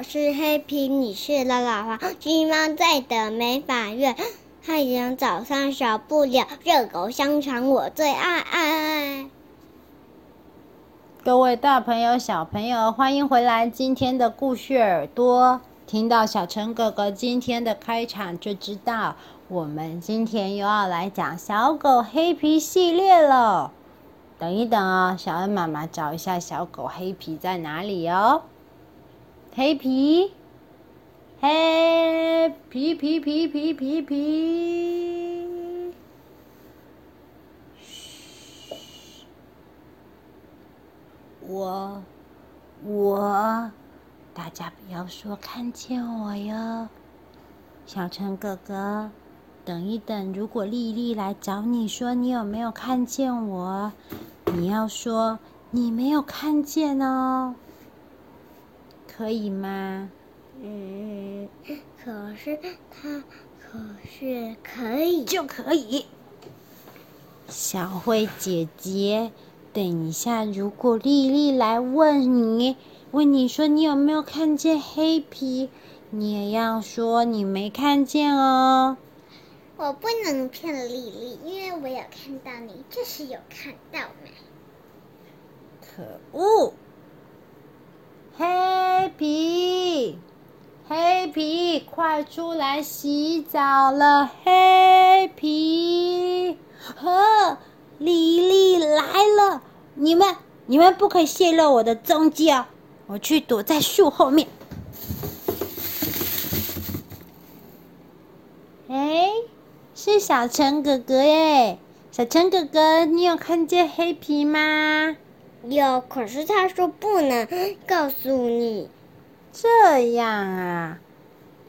我是黑皮，你是拉拉花。雞貓在的沒法院，太陽早上少不了熱狗香腸我最愛。各位大朋友小朋友，歡迎回來！今天的故事耳朵，聽到小陳哥哥今天的開場就知道，我們今天又要來講小狗黑皮系列囉。等一等啊、哦，小恩媽媽找一下小狗黑皮在哪裡哦。黑皮，嘿皮皮皮皮皮皮，噓，我，我，大家不要說看見我喲。小陳哥哥，等一等，如果麗麗來找你說你有沒有看見我，你要說你沒有看見哦。可以嗎？嗯，可是他可是可以就可以。小慧姐姐，等一下，如果麗麗來問你，問你說你有沒有看見黑皮，你也要說你沒看見哦。我不能騙麗麗，因為我有看到你，就是有看到沒。可惡！黑皮，黑皮，快出來洗澡了！黑皮，呵，莉莉來了，你們，你們不可以洩露我的蹤跡哦！我去躲在樹後面。哎，是小陳哥哥耶！小陳哥哥，你有看見黑皮嗎？有，可是他說不能告訴你。這樣啊，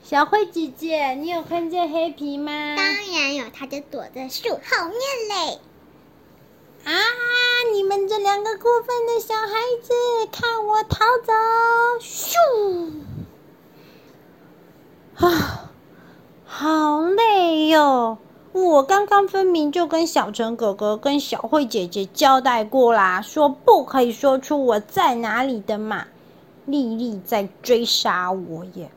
小灰姐姐，你有看見黑皮嗎？當然有，它就躲在樹後面嘞。啊！你們這兩個過分的小孩子，看我逃走！咻！啊，好累喲、哦。我剛剛分明就跟小陳哥哥跟小慧姐姐交代過啦，說不可以說出我在哪裡的嘛。麗麗在追殺我耶！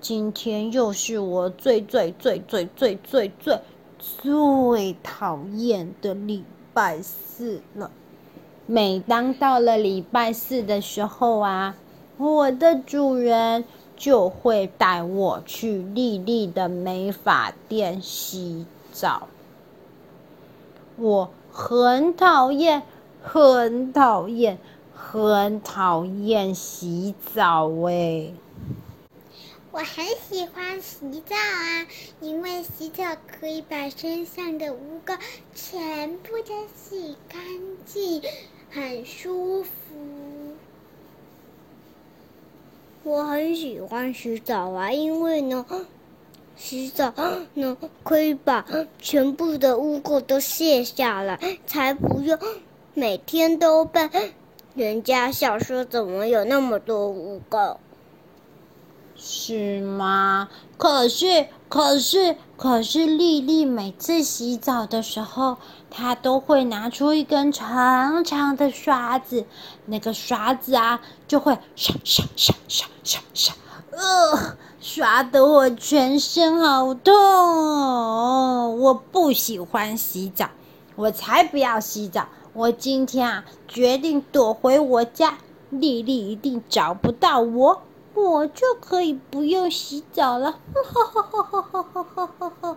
今天又是我最最最最最最最最討厭的禮拜四了。每當到了禮拜四的時候啊，我的主人。就會帶我去麗麗的美髮店洗澡。我很討厭，很討厭，很討厭洗澡哎、欸。我很喜歡洗澡啊，因為洗澡可以把身上的污垢全部都洗乾淨，很舒服。我很喜歡洗澡啊，因為呢，洗澡呢，可以把全部的污垢都卸下來，才不用每天都被人家笑說怎麼有那麼多污垢。是嗎？可是，可是，可是，莉莉每次洗澡的時候，她都會拿出一根長長的刷子，那個刷子啊，就會刷刷刷刷刷刷，呃，刷得我全身好痛哦！我不喜歡洗澡，我才不要洗澡！我今天啊，決定躲回我家，莉莉一定找不到我。我就可以不用洗澡了，呵呵呵呵呵呵呵，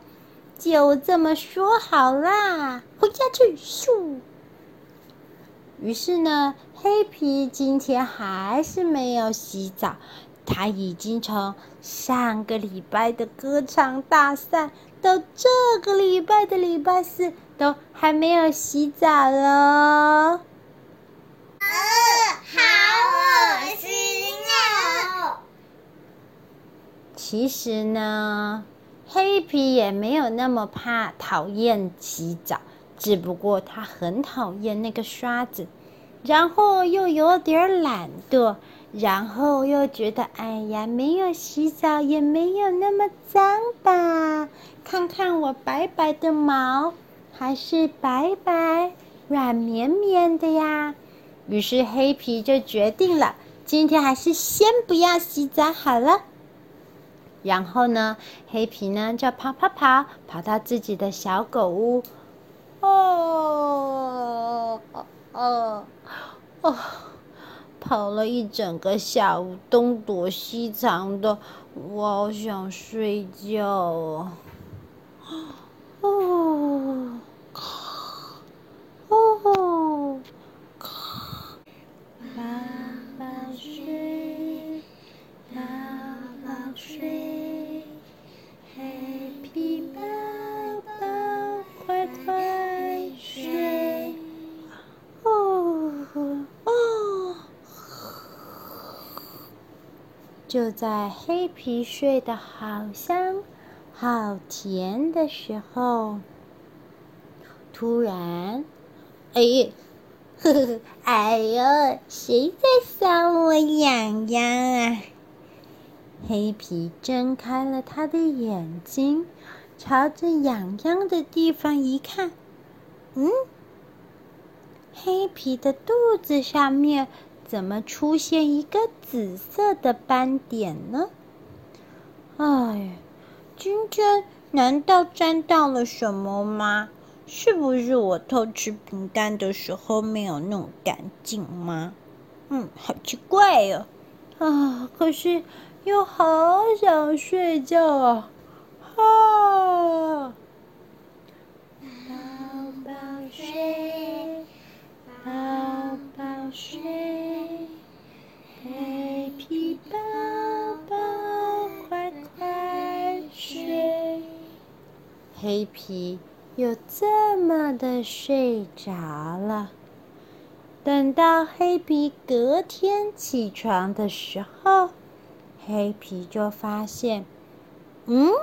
就這麼說好啦，回家去睡。於是呢，黑皮今天還是沒有洗澡，他已經從上個禮拜的歌唱大賽到這個禮拜的禮拜四都還沒有洗澡了。其實呢，黑皮也沒有那麼怕討厭洗澡，只不過他很討厭那個刷子，然後又有點懶惰，然後又覺得哎呀，沒有洗澡也沒有那麼髒吧？看看我白白的毛，還是白白軟綿綿的呀。於是黑皮就決定了，今天還是先不要洗澡好了。然後呢，黑皮呢就跑跑跑，跑到自己的小狗屋，哦哦哦哦，跑了一整個下午，東躲西藏的，我好想睡覺哦。在黑皮睡得好香、好甜的時候，突然，哎呦，呵呵，哎呦，誰在撓我癢癢啊？黑皮睜開了他的眼睛，朝着癢癢的地方一看，嗯，黑皮的肚子上面，怎麼出現一個紫色的斑點呢？哎呀，今天難道沾到了什麼嗎？是不是我偷吃餅乾的時候沒有弄乾淨嗎？嗯，好奇怪喲、哦。啊，可是又好想睡覺啊！啊。寶寶睡，寶寶睡。黑皮又這麼的睡着了。等到黑皮隔天起床的時候，黑皮就發現，嗯，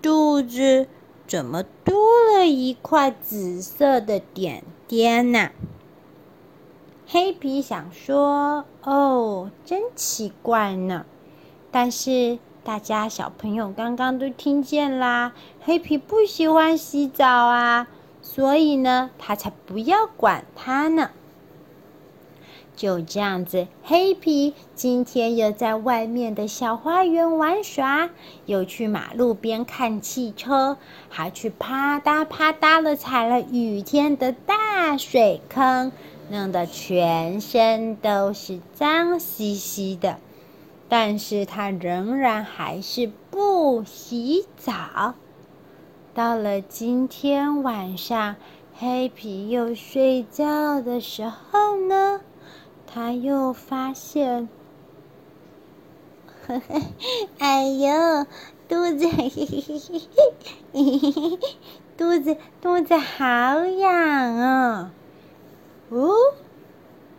肚子怎麼多了一塊紫色的點點呢？黑皮想說：“哦，真奇怪呢。”但是。大家小朋友剛剛都聽見啦啊，黑皮不喜歡洗澡啊，所以呢，他才不要管他呢。就這樣子，黑皮今天又在外面的小花園玩耍，又去馬路邊看汽車，還去啪嗒啪嗒的踩了雨天的大水坑，弄得全身都是髒兮兮的。但是他仍然還是不洗澡。到了今天晚上，黑皮又睡覺的時候呢，他又發現， 哎呦，肚子， 肚子，肚子好癢啊，哦，哦，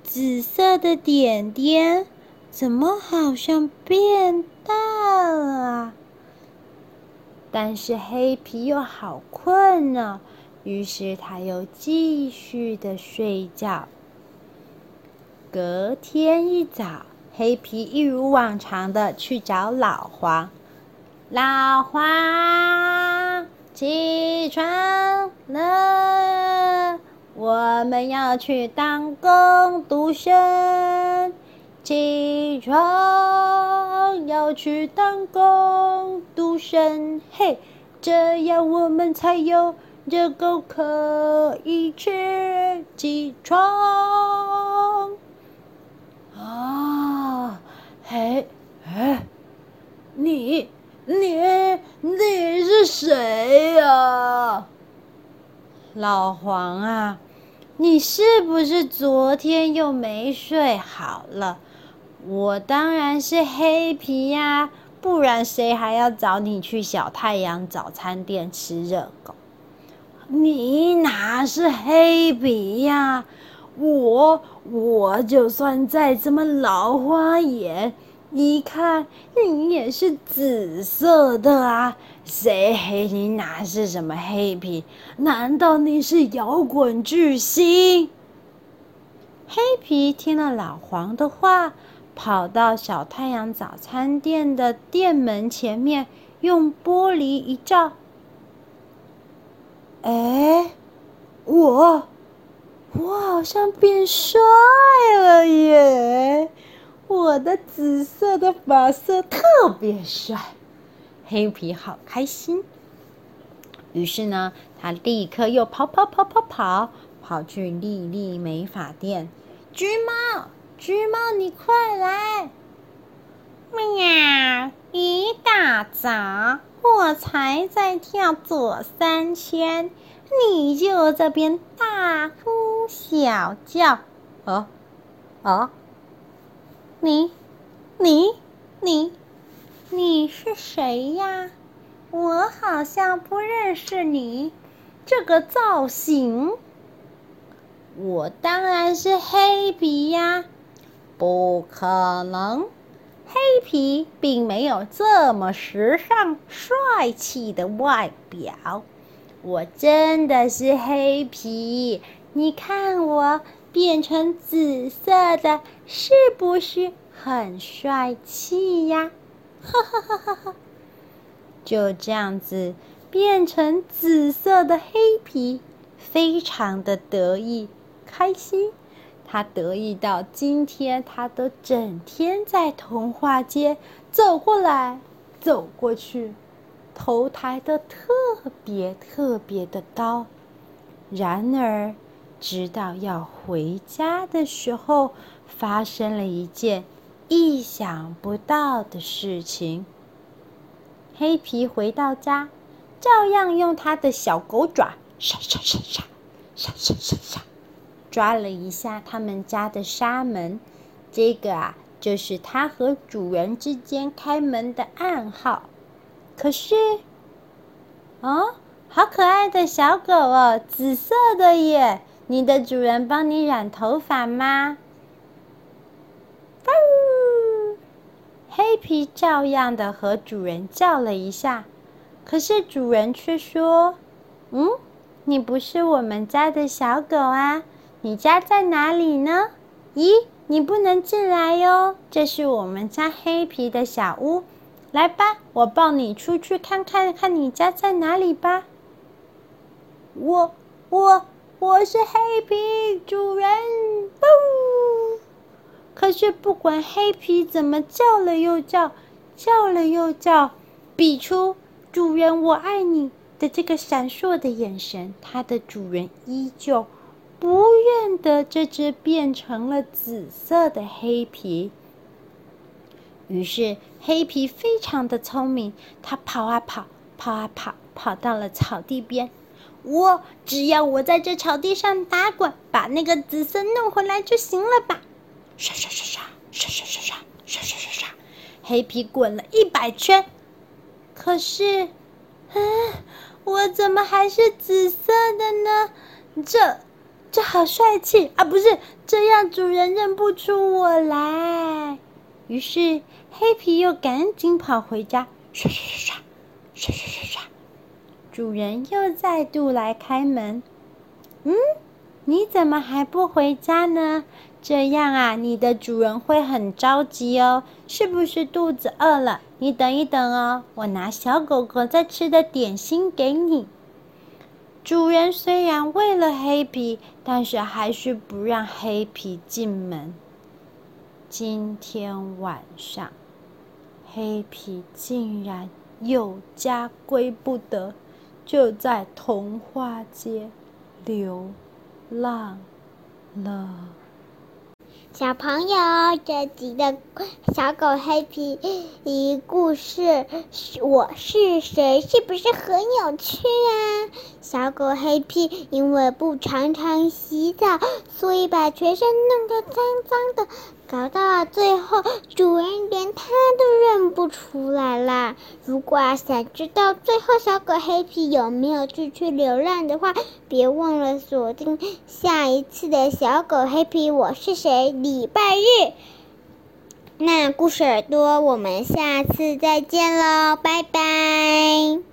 紫色的點點。怎麼好像變大了啊？但是黑皮又好困了，於是他又繼續的睡覺。隔天一早，黑皮一如往常的去找老黃。老黃，起床了，我們要去當工讀生。起床，要去當工讀生，嘿，這樣我們才有熱狗可以吃。起床，啊、哦，嘿，哎，你，你，你是誰呀、啊？老黃啊，你是不是昨天又沒睡好了？我當然是黑皮呀，啊，不然誰還要找你去小太陽早餐店吃熱狗？你哪是黑皮呀，啊？我我就算再怎麼老花眼，一看你也是紫色的啊！誰黑？你哪是什麼黑皮？難道你是搖滾巨星？黑皮聽了老黃的話。跑到小太陽早餐店的店門前面，用玻璃一照，哎、欸，我我好像變帥了耶！我的紫色的髮色特別帥，黑皮好開心。於是呢，他立刻又跑跑跑跑跑，跑去莉莉美髮店，橘貓！橘貓，你快來！喵！一大早，我才在跳左三圈，你就這邊大呼小叫。啊、哦、啊、哦，你，你，你，你是誰呀？我好像不認識你。這個造型，我當然是黑皮呀。不可能，黑皮並沒有這麼時尚帥氣的外表。我真的是黑皮，你看我變成紫色的，是不是很帥氣呀？哈哈哈哈！就這樣子變成紫色的黑皮，非常的得意、開心。他得意到今天，他都整天在童話街走過來走過去，頭抬得特別特別的高。然而，直到要回家的時候，發生了一件意想不到的事情。黑皮回到家，照樣用他的小狗爪，沙沙沙沙沙沙沙沙。傻傻傻傻傻傻抓了一下他們家的紗門，這個啊，就是它和主人之間開門的暗號。可是，哦，好可愛的小狗哦，紫色的耶！你的主人幫你染頭髮嗎？呃，黑皮照樣的和主人叫了一下，可是主人卻說：“嗯，你不是我們家的小狗啊。”你家在哪裡呢？咦，你不能進來喲，這是我們家黑皮的小屋。來吧，我抱你出去看看，看，看你家在哪裡吧。我我我是黑皮主人，可是不管黑皮怎麼叫了又叫，叫了又叫，比出主人我愛你的這個閃爍的眼神，它的主人依舊。不認得這隻變成了紫色的黑皮。於是黑皮非常的聰明，他跑啊跑，跑啊跑，跑到了草地邊。我只要我在這草地上打滾，把那個紫色弄回來就行了吧？刷刷刷刷刷刷刷刷刷刷刷，黑皮滾了一百圈。可是，我怎麼還是紫色的呢？這。這好帥氣啊！不是，這樣主人認不出我來。於是黑皮又趕緊跑回家，刷刷刷刷刷刷刷刷。主人又再度來開門。嗯，你怎麼還不回家呢？這樣啊，你的主人會很着急哦。是不是肚子餓了？你等一等哦，我拿小狗狗在吃的點心給你。主人雖然餵了黑皮，但是還是不讓黑皮進門。今天晚上，黑皮竟然有家歸不得，就在童話街流浪了。小朋友，這集的《小狗黑皮》一故事是我是誰，是不是很有趣啊？小狗黑皮因為不常常洗澡，所以把全身弄得髒髒的。搞到了最後，主人連它都認不出來啦。如果想知道最後小狗黑皮有沒有繼續流浪的話，別忘了鎖定下一次的小狗黑皮我是誰，禮拜日。那故事多，我們下次再見嘍，拜拜。